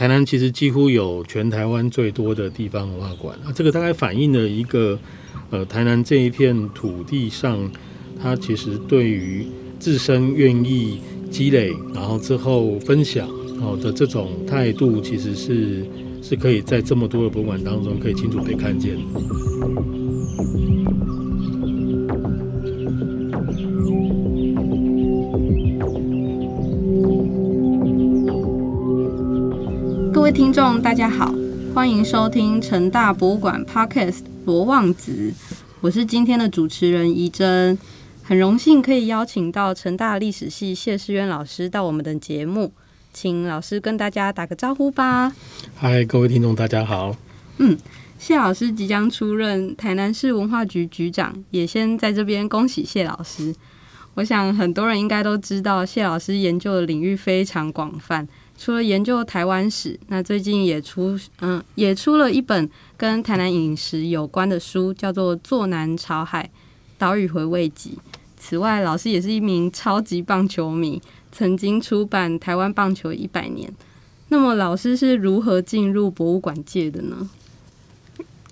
台南其實幾乎有全台灣最多的地方文化館，啊，這個大概反映了一個，呃，台南這一片土地上，它其實對於自身願意積累，然後之後分享，然後、哦、的這種態度，其實是是可以在這麼多的博物館當中可以清楚被看見的。各位聽眾大家好，歡迎收聽成大博物館 Podcast 羅望子，我是今天的主持人怡真，很榮幸可以邀請到成大歷史系謝仕淵老師到我們的節目，請老師跟大家打個招呼吧。嗨，各位聽眾大家好。嗯，謝老師即將出任台南市文化局局長，也先在這邊恭喜謝老師。我想很多人應該都知道，謝老師研究的領域非常廣泛。除了研究台灣史，那最近也出嗯、也出了一本跟台南飲食有關的書，叫做《坐南朝海島嶼回味集》。此外，老師也是一名超級棒球迷，曾經出版《台灣棒球一百年》。那麼，老師是如何進入博物館界的呢？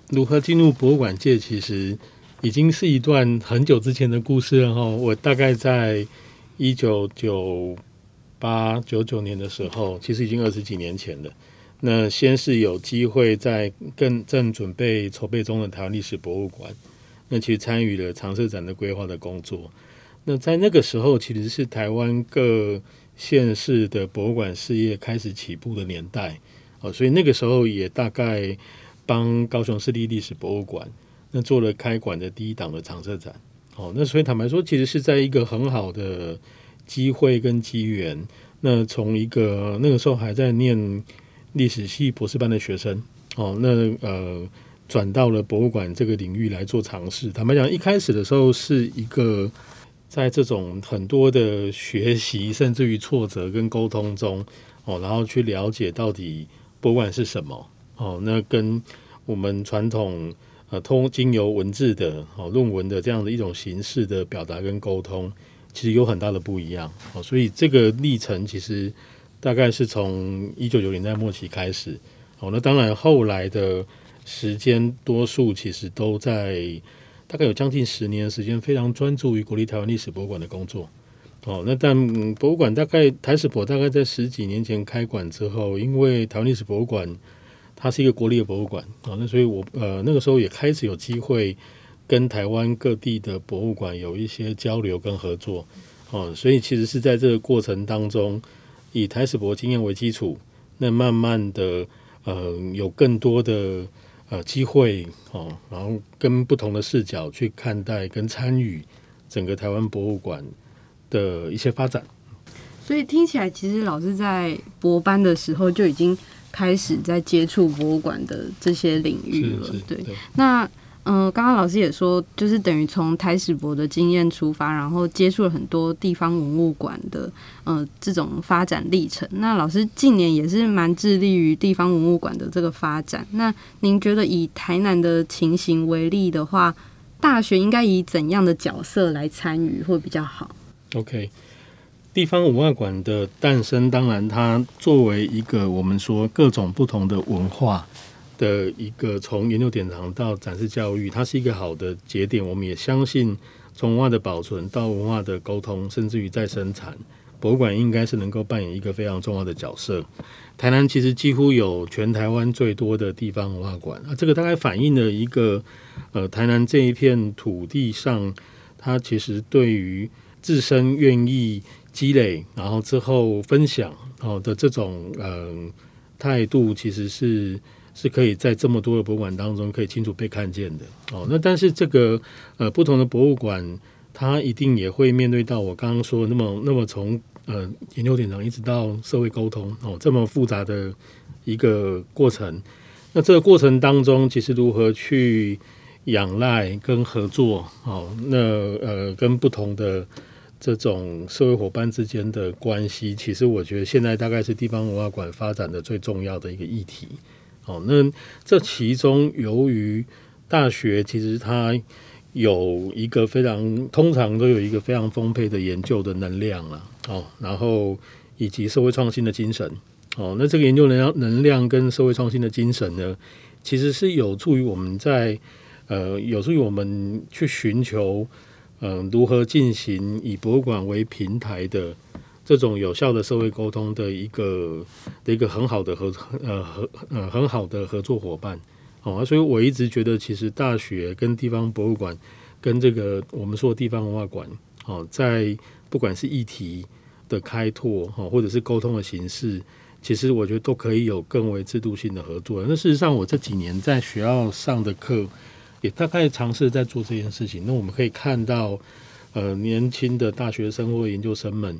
如何進入博物館界？其實已經是一段很久之前的故事了。哈，我大概在一九九八九九年的時候，其實已經二十幾年前了。那先是有機會在更正準備籌備中的台灣歷史博物館，那去參與了常設展的規劃的工作。那在那個時候，其實是台灣各縣市的博物館事業開始起步的年代哦，所以那個時候也大概幫高雄市立歷史博物館那做了開館的第一檔的常設展。哦，那所以坦白說，其實是在一個很好的。機會跟機緣，那從一個那個時候還在念歷史系博士班的學生，哦，那呃轉到了博物館這個領域來做嘗試。坦白講，一開始的時候是一個在這種很多的學習，甚至於挫折跟溝通中，哦，然後去了解到底博物館是什麼，哦，那跟我們傳統呃通經由文字的哦論文的這樣的一種形式的表達跟溝通。其實有很大的不一樣哦，所以這個歷程其實大概是從一九九零年代末期開始哦。那當然後來的時間，多數其實都在大概有將近十年的時間，非常專注於國立台灣歷史博物館的工作哦。那但博物館大概台史博大概在十幾年前開館之後，因為台灣歷史博物館它是一個國立的博物館哦，那所以我呃那個時候也開始有機會，跟台灣各地的博物館有一些交流跟合作，哦，所以其實是在這個過程當中，以台史博經驗為基礎，那慢慢的，嗯、呃，有更多的呃機會，哦，然後跟不同的視角去看待跟參與整個台灣博物館的一些發展。所以聽起來，其實老師在博班的時候就已經開始在接觸博物館的這些領域了，是是，對，對，那。嗯、呃，剛剛老師也說，就是等於從台史博的經驗出發，然後接觸了很多地方文物館的，呃這種發展歷程。那老師近年也是蠻致力於地方文物館的這個發展。那您覺得以台南的情形為例的話，大學應該以怎樣的角色來參與會比較好？OK，地方文化館的誕生，當然它作為一個我們說各種不同的文化。的一個從研究典藏到展示教育，它是一個好的節點。我們也相信，從文化的保存到文化的溝通，甚至於再生產，博物館應該是能夠扮演一個非常重要的角色。台南其實幾乎有全台灣最多的地方文化館，啊，這個大概反映了一個呃，台南這一片土地上，它其實對於自身願意積累，然後之後分享然後、哦、的這種嗯、呃、態度，其實是。是可以在這麼多的博物館當中可以清楚被看見的哦。那但是這個呃不同的博物館，它一定也會面對到我剛剛說的那麼那麼從呃研究典藏一直到社會溝通哦這麼複雜的一個過程。那這個過程當中，其實如何去仰賴跟合作哦，那呃跟不同的這種社會夥伴之間的關係，其實我覺得現在大概是地方文化館發展的最重要的一個議題。哦，那這其中由於大學其實它有一個非常通常都有一個非常豐沛的研究的能量了、啊，哦，然後以及社會創新的精神，哦，那這個研究能量能量跟社會創新的精神呢，其實是有助於我們在呃有助於我們去尋求嗯、呃，如何進行以博物館為平台的。這種有效的社會溝通的一個的一個很好的合呃合呃很好的合作夥伴，好、哦、啊，所以我一直覺得，其實大學跟地方博物館跟這個我們說的地方文化館，好、哦、在不管是議題的開拓，好、哦、或者是溝通的形式，其實我覺得都可以有更為制度性的合作。那事實上，我這幾年在學校上的課，也大概嘗試在做這件事情。那我們可以看到，呃，年輕的大學生或研究生們。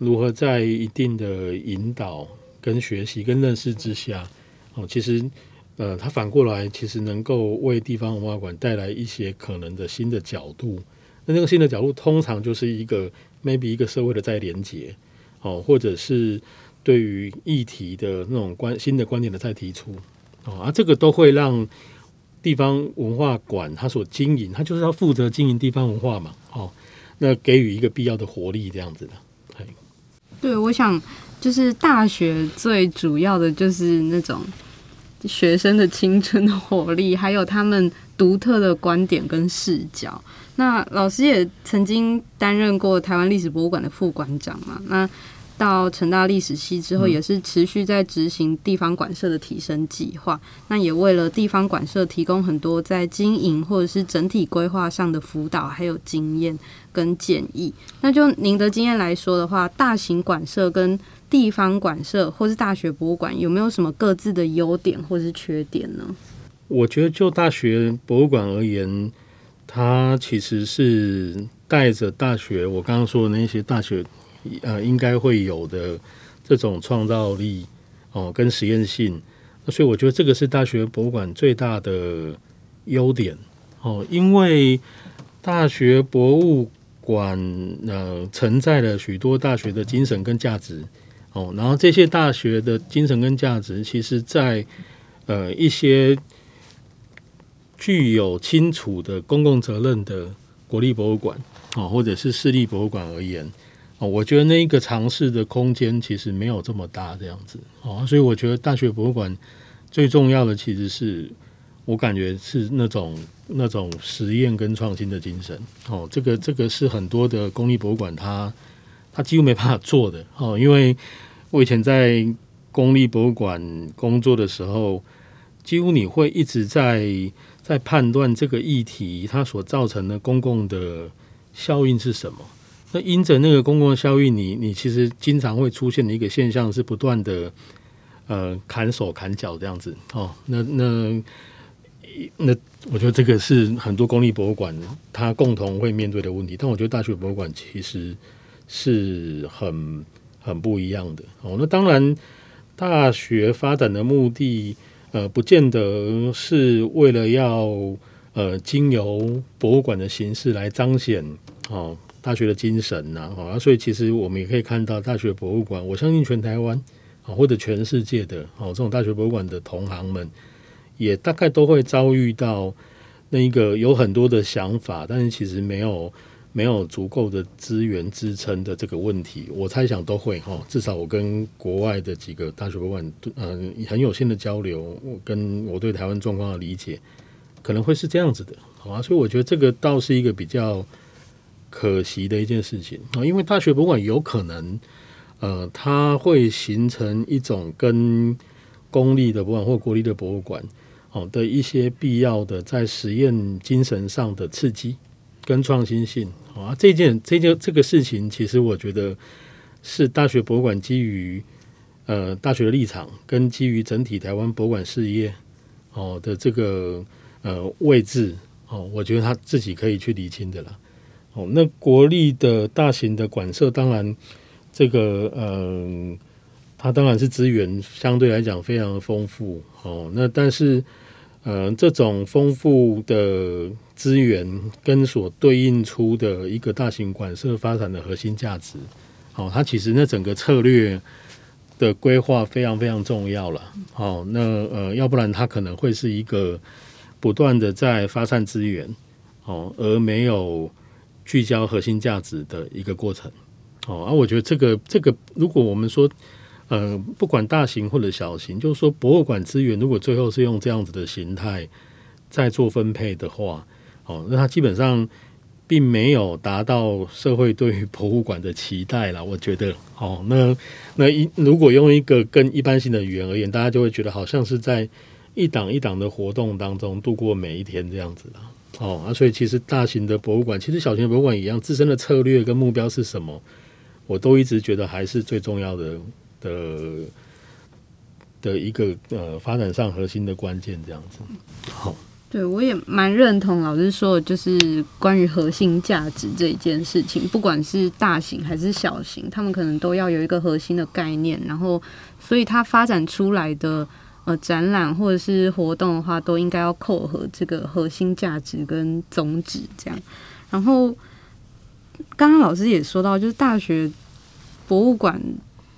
如何在一定的引導、跟學習、跟認識之下，哦，其實，呃，他反過來其實能夠為地方文化館帶來一些可能的新的角度。那那個新的角度，通常就是一個 maybe 一個社會的再連接，哦，或者是對於議題的那種觀新的觀點的再提出，哦，啊，這個都會讓地方文化館它所經營，它就是要負責經營地方文化嘛，哦，那給予一個必要的活力這樣子的，對，我想就是大學最主要的就是那種學生的青春的活力，還有他們獨特的觀點跟視角。那老師也曾經擔任過台灣歷史博物館的副館長嘛？那到成大歷史系之後，也是持續在執行地方館舍的提升計劃，嗯。那也為了地方館舍提供很多在經營或者是整體規劃上的輔導，還有經驗跟建議。那就您的經驗來說的話，大型館舍跟地方館舍，或是大學博物館，有沒有什麼各自的優點或是缺點呢？我覺得就大學博物館而言，它其實是帶着大學，我剛剛說的那些大學。呃，應該會有的這種創造力哦，跟實驗性，所以我覺得這個是大學博物館最大的優點哦，因為大學博物館呃承載了許多大學的精神跟價值哦，然後這些大學的精神跟價值，其實在，在呃一些具有清楚的公共責任的國立博物館啊、哦，或者是市立博物館而言。哦，我覺得那一個嘗試的空間其實沒有這麼大這樣子哦，所以我覺得大學博物館最重要的其實是，我感覺是那種那種實驗跟創新的精神哦，這個這個是很多的公立博物館它它幾乎沒辦法做的哦，因為我以前在公立博物館工作的時候，幾乎你會一直在在判斷這個議題它所造成的公共的效應是什麼。那因着那個公共效益，你你其實經常會出現的一個現象是不斷的，呃，砍手砍腳這樣子哦。那那那，我覺得這個是很多公立博物館它共同會面對的問題。但我覺得大學博物館其實是很很不一樣的哦。那當然，大學發展的目的，呃，不見得是為了要呃，經由博物館的形式來彰顯哦。大學的精神吶、啊，啊，所以其實我們也可以看到大學博物館。我相信全台灣啊，或者全世界的哦，這種大學博物館的同行們，也大概都會遭遇到那一個有很多的想法，但是其實沒有沒有足夠的資源支撐的這個問題。我猜想都會哈，至少我跟國外的幾個大學博物館，嗯，很有限的交流，我跟我對台灣狀況的理解，可能會是這樣子的，好啊。所以我覺得這個倒是一個比較。可惜的一件事情啊，因為大學博物館有可能，呃，它會形成一種跟公立的博物館或國立的博物館哦的一些必要的在實驗精神上的刺激跟創新性，哦，啊，這件這件這個事情，其實我覺得是大學博物館基於呃大學的立場跟基於整體台灣博物館事業哦的這個呃位置哦，我覺得他自己可以去釐清的了。哦，那國立的大型的館舍，當然這個嗯、呃、它當然是資源相對來講非常豐富。哦，那但是呃，這種豐富的資源跟所對應出的一個大型館舍發展的核心價值，哦，它其實那整個策略的規劃非常非常重要了。哦，那呃，要不然它可能會是一個不斷的在發散資源，哦，而沒有。聚焦核心價值的一個過程，哦，而、啊、我覺得這個這個，如果我們說，呃，不管大型或者小型，就是說博物館資源如果最後是用這樣子的形態在做分配的話，哦，那它基本上並沒有達到社會對於博物館的期待啦，我覺得，哦，那那一如果用一個更一般性的語言而言，大家就會覺得好像是在一檔一檔的活動當中度過每一天這樣子啦。哦，那、啊、所以其實大型的博物館，其實小型博物館一樣，自身的策略跟目標是什麼，我都一直覺得還是最重要的的的一個呃發展上核心的關鍵這樣子。好、哦，對，我也蠻認同老師說的，就是關於核心價值這一件事情，不管是大型還是小型，他們可能都要有一個核心的概念，然後所以它發展出來的。呃，展覽或者是活動的話，都應該要扣合這個核心價值跟宗旨這樣。然後，剛剛老師也說到，就是大學博物館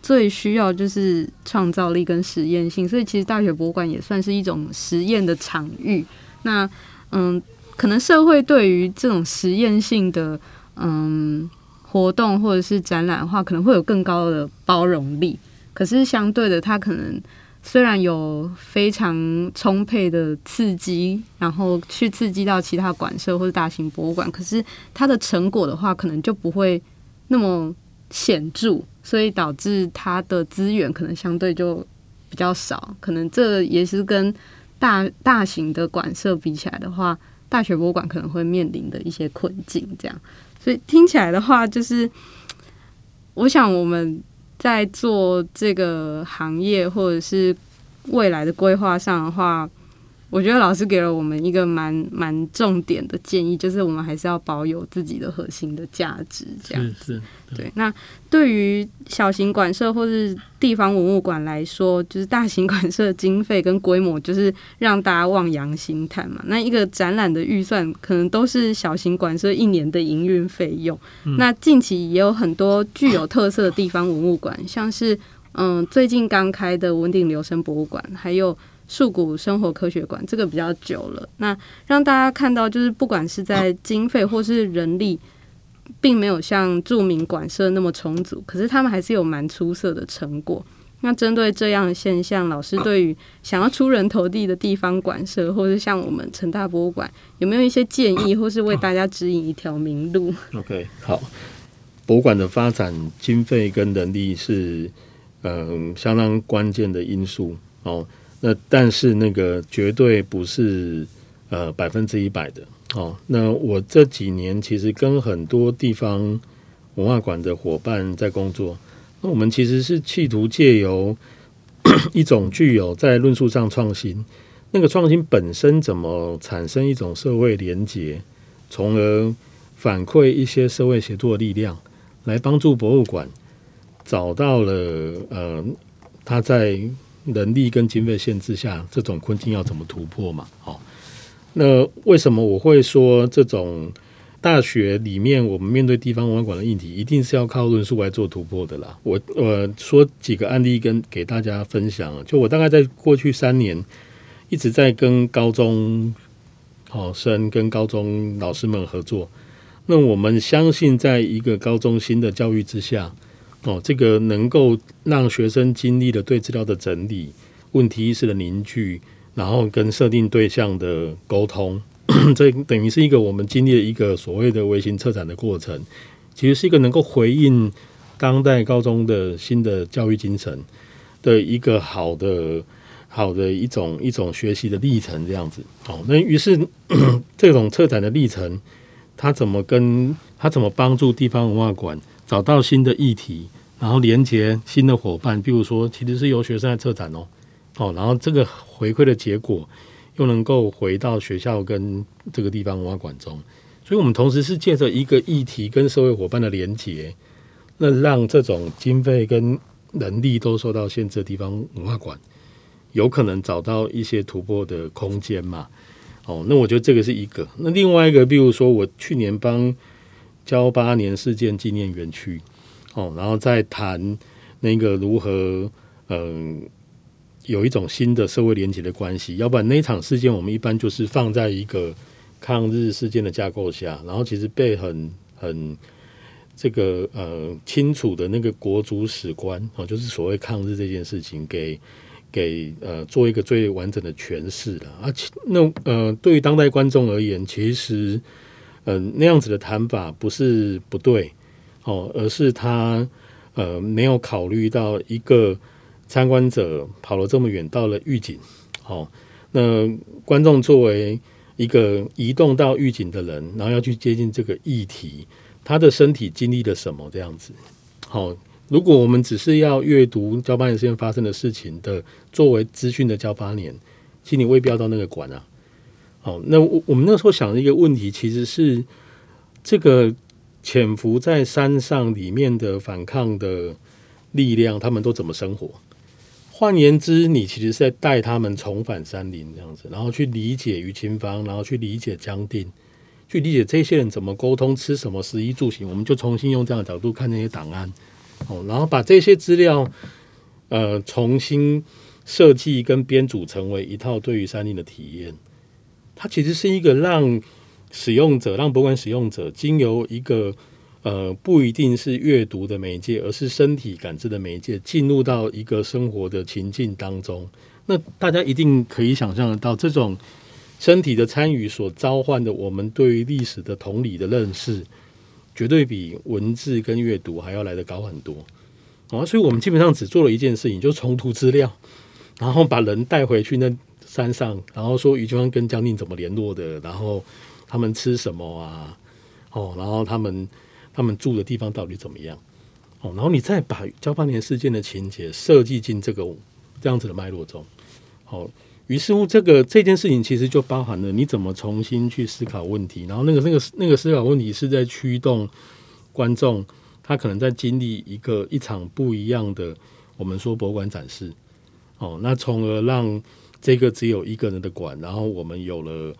最需要就是創造力跟實驗性，所以其實大學博物館也算是一種實驗的場域。那嗯，可能社會對於這種實驗性的嗯活動或者是展覽的話，可能會有更高的包容力。可是相對的，它可能。雖然有非常充沛的刺激，然後去刺激到其他館舍或者大型博物館，可是它的成果的話，可能就不會那麼顯著，所以導致它的資源可能相對就比較少，可能這也是跟大大型的館舍比起來的話，大學博物館可能會面臨的一些困境。這樣，所以聽起來的話，就是我想我們。在做這個行業，或者是未來的規劃上的話。我覺得老師給了我們一個蠻蠻重點的建議，就是我們還是要保有自己的核心的價值。這樣子是是對，對。那對於小型館舍或是地方文物館來說，就是大型館舍的經費跟規模，就是讓大家望洋興嘆嘛。那一個展覽的預算，可能都是小型館舍一年的營運費用，嗯。那近期也有很多具有特色的地方文物館，像是嗯，最近剛開的文鼎留聲博物館，還有。樹谷生活科學館這個比較久了，那讓大家看到就是，不管是在經費或是人力，並沒有像著名館舍那麼充足，可是他們還是有蠻出色的成果。那針對這樣的現象，老師對於想要出人頭地的地方館舍，或是像我們成大博物館，有沒有一些建議，或是為大家指引一條明路？OK，好，博物館的發展經費跟人力是嗯相當關鍵的因素哦。那但是那個絕對不是呃百分之一百的哦。那我這幾年其實跟很多地方文化館的夥伴在工作。那我們其實是企圖借由 一種具有在論述上創新，那個創新本身怎麼產生一種社會連結，從而反饋一些社會協作力量，來幫助博物館找到了呃他在。能力跟經費限制下，這種困境要怎麼突破嘛？好、哦，那為什麼我會說這種大學裡面我們面對地方文化館的議題，一定是要靠論述來做突破的啦？我我、呃、說幾個案例跟給大家分享、啊，就我大概在過去三年一直在跟高中考、哦、生跟高中老師們合作，那我們相信在一個高中新的教育之下。哦，這個能夠讓學生經歷了對資料的整理、問題意識的凝聚，然後跟設定對象的溝通，呵呵這等於是一個我們經歷了一個所謂的微型策展的過程。其實是一個能夠回應當代高中的新的教育精神的一個好的、好的一種一種學習的歷程這樣子。哦，那於是呵呵這種策展的歷程，他怎麼跟他怎麼幫助地方文化館？找到新的議題，然後連接新的夥伴，比如說，其實是由學生來策展哦、喔，哦、喔，然後這個回饋的結果又能夠回到學校跟這個地方文化館中，所以我們同時是借着一個議題跟社會夥伴的連接，那讓這種經費跟能力都受到限制的地方文化館，有可能找到一些突破的空間嘛。哦、喔，那我覺得這個是一個。那另外一個，比如說我去年幫。噍吧哖事件紀念園區，哦，然後再談那個如何，嗯、呃，有一種新的社會連結的關係。要不然那一場事件，我們一般就是放在一個抗日事件的架構下，然後其實被很很這個呃清楚的那個國族史觀，哦，就是所謂抗日這件事情，給給呃做一個最完整的詮釋了啊，那呃，對於當代觀眾而言，其實。嗯、呃，那樣子的談法不是不對哦，而是他呃沒有考慮到一個參觀者跑了這麼遠到了玉井，哦，那觀眾作為一個移動到玉井的人，然後要去接近這個議題，他的身體經歷了什麼這樣子？好、哦，如果我們只是要閱讀噍吧哖事件發生的事情的作為資訊的噍吧哖，其實你未必要到那個館啊。哦，那我我們那時候想的一個問題，其實是這個潛伏在山上裡面的反抗的力量，他們都怎麼生活？換言之，你其實是在帶他們重返山林這樣子，然後去理解余清芳，然後去理解江定，去理解這些人怎麼溝通、吃什麼、食衣住行，我們就重新用這樣的角度看那些檔案，哦，然後把這些資料呃重新設計跟編組，成為一套對於山林的體驗。它其實是一個讓使用者、讓博物館使用者，經由一個呃不一定是閱讀的媒介，而是身體感知的媒介，進入到一個生活的情境當中。那大家一定可以想象得到，這種身體的參與所召喚的我們對於歷史的同理的認識，絕對比文字跟閱讀還要來得高很多。啊，所以我們基本上只做了一件事情，就重塗資料，然後把人帶回去那山上，然後說余清芳跟江定怎麼聯絡的，然後他們吃什麼啊？哦，然後他們他們住的地方到底怎麼樣？哦，然後你再把噍吧哖事件的情節設計進這個這樣子的脈絡中，好、哦，於是乎這個這件事情其實就包含了你怎麼重新去思考問題，然後那個那個那個思考問題是在驅動觀眾他可能在經歷一個一場不一樣的我們說博物館展示，哦，那從而讓。這個只有一個人的館，然後我們有了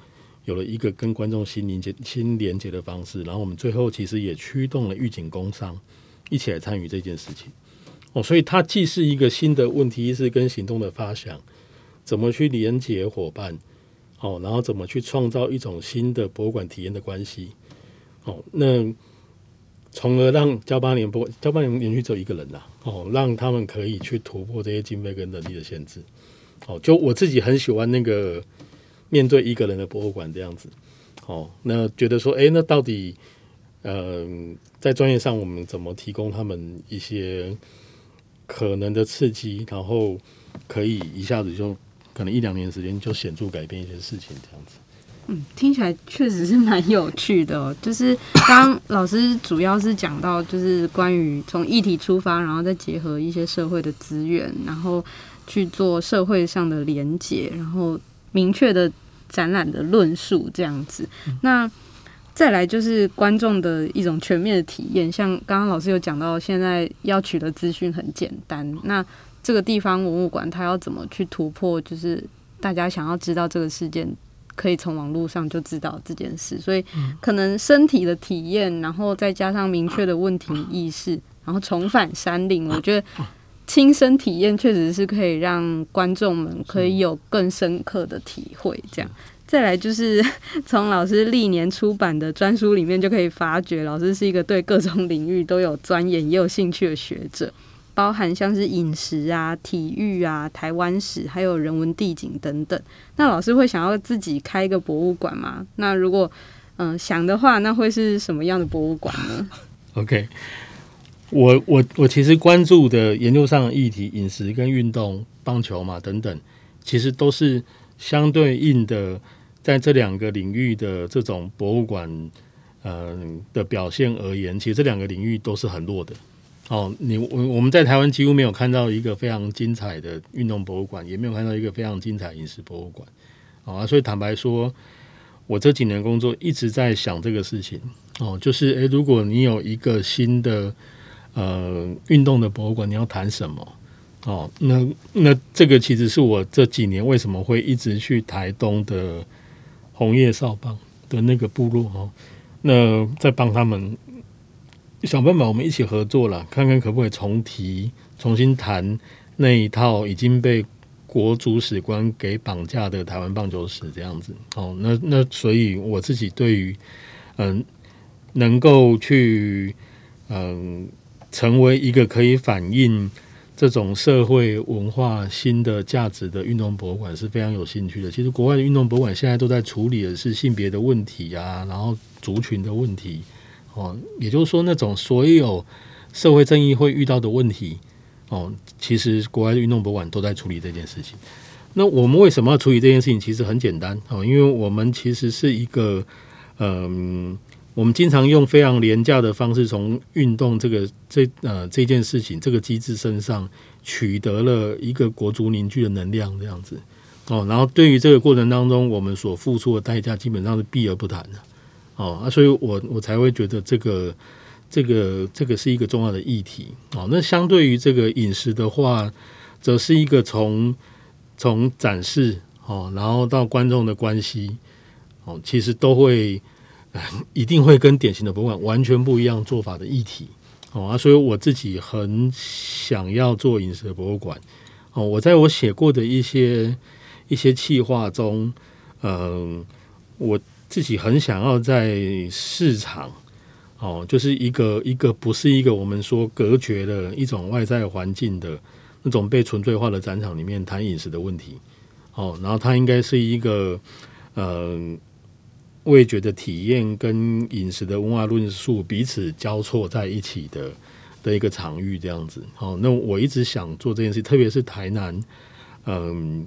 有了一個跟觀眾心連接、心連接的方式，然後我們最後其實也驅動了預警工商一起來參與這件事情哦，所以它既是一個新的問題意識跟行動的發想，怎麼去連接伙伴哦，然後怎麼去創造一種新的博物館體驗的關係哦，那，從而讓交八年博交八年連續走一個人吶、啊、哦，讓他們可以去突破這些經費跟能力的限制。哦，就我自己很喜歡那個面對一個人的博物館這樣子。哦，那覺得說，哎、欸，那到底，嗯、呃，在專業上我們怎麼提供他們一些可能的刺激，然後可以一下子就可能一兩年時間就顯著改變一些事情這樣子。嗯，聽起來確實是蠻有趣的。就是剛老師主要是講到，就是關於從議題出發，然後再結合一些社會的資源，然後。去做社會上的連接，然後明確的展覽的論述這樣子。那再來就是觀眾的一種全面的體驗，像剛剛老師有講到，現在要取得資訊很簡單。那這個地方文物館它要怎麼去突破？就是大家想要知道這個事件，可以從網絡上就知道這件事。所以可能身體的體驗，然後再加上明確的問題的意識，然後重返山林，我覺得。親身體驗確實是可以讓觀眾們可以有更深刻的體會。這樣，再來就是從老師歷年出版的專書裡面就可以發覺，老師是一個對各種領域都有鑽研也有興趣的學者，包含像是飲食啊、體育啊、台灣史還有人文地景等等。那老師會想要自己開一個博物館嗎？那如果嗯、呃、想的話，那會是什麼樣的博物館呢 ？OK。我我我其實關注的研究上的議題，飲食跟運動、棒球嘛等等，其實都是相對應的，在這兩個領域的這種博物館，嗯、呃、的表現而言，其實這兩個領域都是很弱的哦。你我我們在台灣幾乎沒有看到一個非常精彩的運動博物館，也沒有看到一個非常精彩的飲食博物館、哦、啊。所以坦白說，我這幾年工作一直在想這個事情哦，就是誒，如果你有一個新的。呃，運動的博物館你要談什麼？哦，那那這個其實是我這幾年為什麼會一直去台東的紅葉少棒的那個部落哦，那在幫他們想辦法，我們一起合作了，看看可不可以重提重新談那一套已經被國族史觀給綁架的台灣棒球史這樣子哦。那那所以我自己對於嗯，能夠去嗯。成為一個可以反映這種社會文化新的價值的運動博物館是非常有興趣的。其實，國外的運動博物館現在都在處理的是性別的問題啊，然後族群的問題哦，也就是說，那種所有社會正義會遇到的問題哦，其實國外的運動博物館都在處理這件事情。那我們為什麼要處理這件事情？其實很簡單哦，因為我們其實是一個嗯。我們經常用非常廉價的方式，從運動這個這呃這件事情這個機制身上，取得了一個國族凝聚的能量這樣子哦，然後對於這個過程當中我們所付出的代價，基本上是避而不談的哦那、啊、所以我我才會覺得這個這個這個是一個重要的議題哦。那相對於這個飲食的話，則是一個從從展示哦，然後到觀眾的關係哦，其實都會。一定會跟典型的博物館完全不一樣做法的議題哦啊，所以我自己很想要做飲食博物館哦。我在我寫過的一些一些企劃中，嗯、呃，我自己很想要在市場哦，就是一個一個不是一個我們說隔絕的一種外在環境的那種被純粹化的展場裡面談飲食的問題哦，然後它應該是一個嗯。呃味覺的體驗跟飲食的文化論述彼此交錯在一起的的一個場域，這樣子。好、哦，那我一直想做這件事，特別是台南，嗯，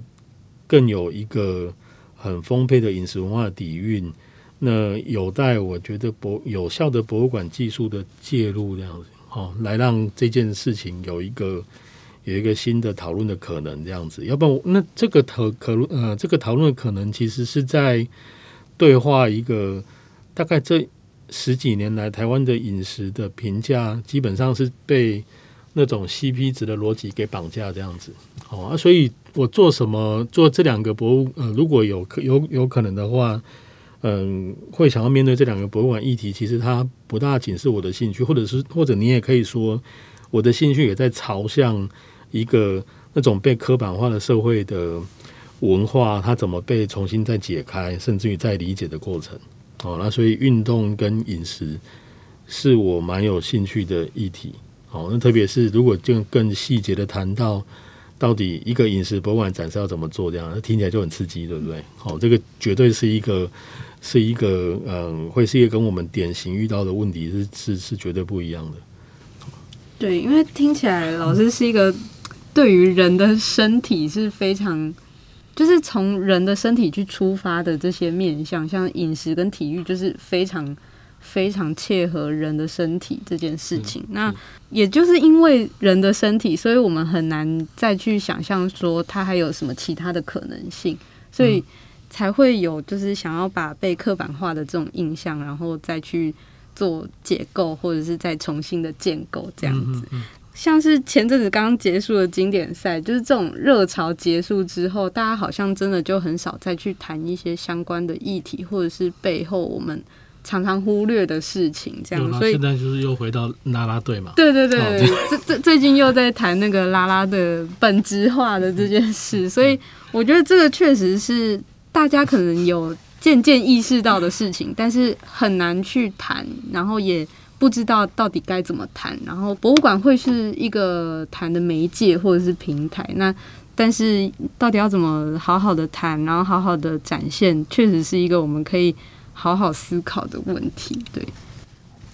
更有一個很豐沛的飲食文化的底蘊。那有待我覺得博有效的博物館技術的介入，這樣子，好、哦，來讓這件事情有一個有一個新的討論的可能，這樣子。要不然我，那這個討可呃，這個討論的可能其實是在。對話一個大概這十幾年來台灣的飲食的評價，基本上是被那種 CP 值的邏輯給綁架這樣子，好、哦、啊。所以我做什麼做這兩個博物，呃，如果有有有可能的話，嗯、呃，會想要面對這兩個博物館議題，其實它不大僅是我的興趣，或者是或者你也可以說我的興趣也在朝向一個那種被刻板化的社會的。文化它怎麼被重新再解開，甚至於再理解的過程，哦，那所以運動跟飲食是我蠻有興趣的議題，哦，那特別是如果就更細節的談到到底一個飲食博物館展示要怎麼做這樣，那聽起來就很刺激，對不對？哦，這個絕對是一個是一個，嗯，會是一個跟我們典型遇到的問題是是是絕對不一樣的。對，因為聽起來老師是一個對於人的身體是非常。就是從人的身體去出發的這些面向，像飲食跟體育，就是非常非常切合人的身體這件事情，嗯。那也就是因為人的身體，所以我們很難再去想象說它還有什麼其他的可能性，所以才會有就是想要把被刻板化的這種印象，然後再去做解構，或者是再重新的建構這樣子。嗯嗯。像是前陣子剛剛結束的經典賽，就是這種熱潮結束之後，大家好像真的就很少再去談一些相關的議題，或者是背後我們常常忽略的事情，這樣。所以現在就是又回到拉拉隊嘛。對對對，最、哦、最最近又在談那個拉拉的本質化的這件事、嗯，所以我覺得這個確實是大家可能有漸漸意識到的事情，但是很難去談，然後也。不知道到底該怎麼談，然後博物館會是一個談的媒介或者是平台。那但是到底要怎麼好好的談，然後好好的展現，確實是一個我們可以好好思考的問題。對。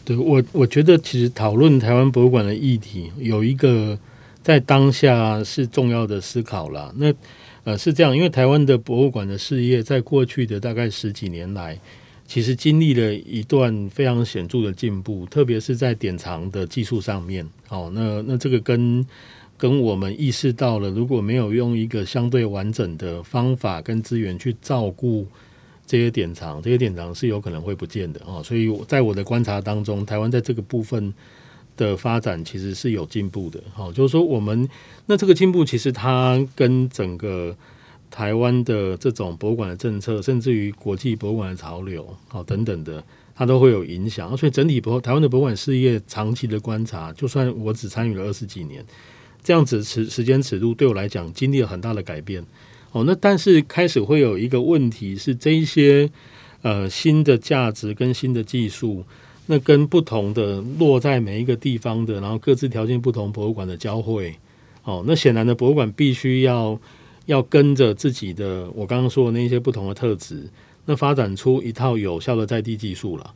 對，我我覺得其實討論台灣博物館的議題，有一個在當下是重要的思考了。那呃是這樣，因為台灣的博物館的事業在過去的大概十幾年來，其實經歷了一段非常顯著的進步，特別是在典藏的技術上面。哦，那那這個跟跟我們意識到了，如果沒有用一個相對完整的方法跟資源去照顧這些典藏，這些典藏是有可能會不見的。哦，所以我在我的觀察當中，台灣在這個部分的發展其實是有進步的。哦，就是說我們那這個進步其實它跟整個。台灣的這種博物館的政策，甚至於國際博物館的潮流，哦，等等的，它都會有影響。啊，所以整體博台灣的博物館事業，長期的觀察，就算我只參與了二十幾年，這樣子時間尺度對我來講，經歷了很大的改變。哦，那但是開始會有一個問題是這一，這些呃新的價值跟新的技術，那跟不同的落在每一個地方的，然後各自條件不同博物館的交匯，哦，那顯然的博物館必須要。要跟着自己的，我剛剛說的那些不同的特質，那發展出一套有效的在地技術了，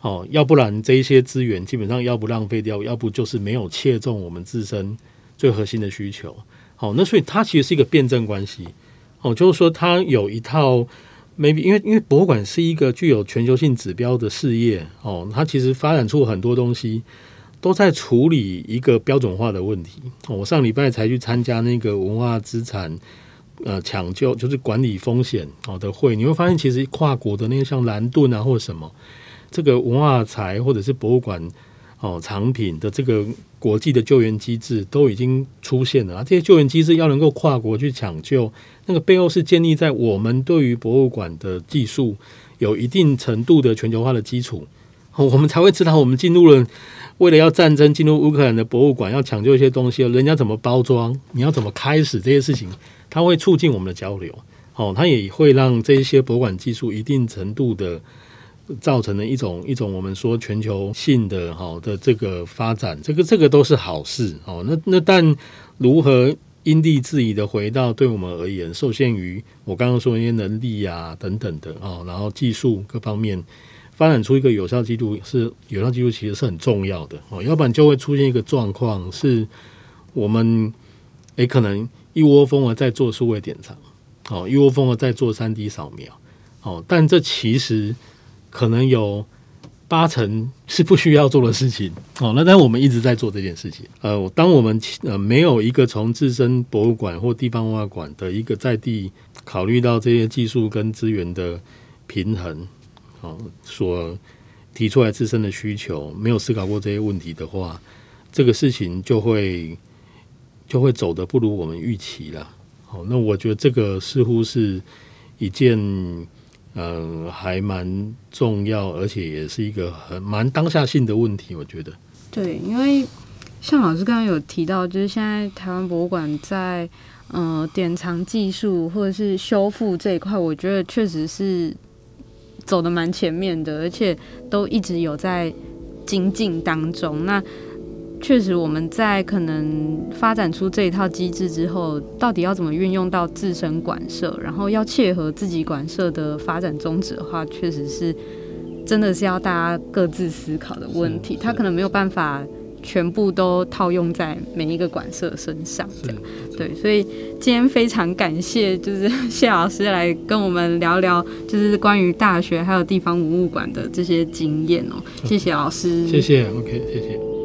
哦，要不然這一些資源基本上要不浪費掉，要不就是沒有切中我們自身最核心的需求。好，哦，那所以它其實是一個辯證關係，哦，就是說它有一套，maybe 因為因為博物館是一個具有全球性指標的事業，哦，它其實發展出很多東西都在處理一個標準化的問題。哦，我上禮拜才去參加那個文化資產。呃，搶救就是管理風險好、哦、的會，你會發現其實跨國的那些像藍盾啊，或者什麼這個文化財或者是博物館哦，藏品的這個國際的救援機制都已經出現了、啊。這些救援機制要能夠跨國去搶救，那個背後是建立在我們對於博物館的技術有一定程度的全球化的基礎，哦、我們才會知道我們進入了為了要戰爭進入烏克蘭的博物館要搶救一些東西，人家怎麼包裝，你要怎麼開始這些事情。它會促進我們的交流，哦，它也會讓這一些博物館技術一定程度的造成了一種一種我們說全球性的好，哦，的這個發展，這個這個都是好事，哦，那那但如何因地制宜的回到對我們而言受限於我剛剛說的那些能力呀，啊，等等的哦，然後技術各方面發展出一個有效記錄是有效記錄，其實是很重要的哦，要不然就會出現一個狀況是，我們也可能。一窩蜂的在做數位典藏，哦，一窩蜂的在做 3D 掃描，哦，但這其實可能有八成是不需要做的事情，哦，那但我們一直在做這件事情，呃，當我們呃沒有一個從自身博物館或地方文化館的一個在地考慮到這些技術跟資源的平衡，哦，所提出來自身的需求，沒有思考過這些問題的話，這個事情就會。就會走得不如我們預期了。好，那我覺得這個似乎是一件，嗯，還蠻重要，而且也是一個很蠻當下性的問題。我覺得，對，因為像老師剛剛有提到，就是現在台灣博物館在嗯，呃，典藏技術或者是修復這一塊，我覺得確實是走得蠻前面的，而且都一直有在精進當中。那確實，我們在可能發展出這一套機制之後，到底要怎麼運用到自身館舍，然後要切合自己館舍的發展宗旨的話，確實是真的是要大家各自思考的問題。他可能沒有辦法全部都套用在每一個館舍身上。對，所以今天非常感謝，就是謝老師來跟我們聊聊，就是關於大學還有地方文物館的這些經驗哦、喔嗯。謝謝老師，謝謝，OK，謝謝。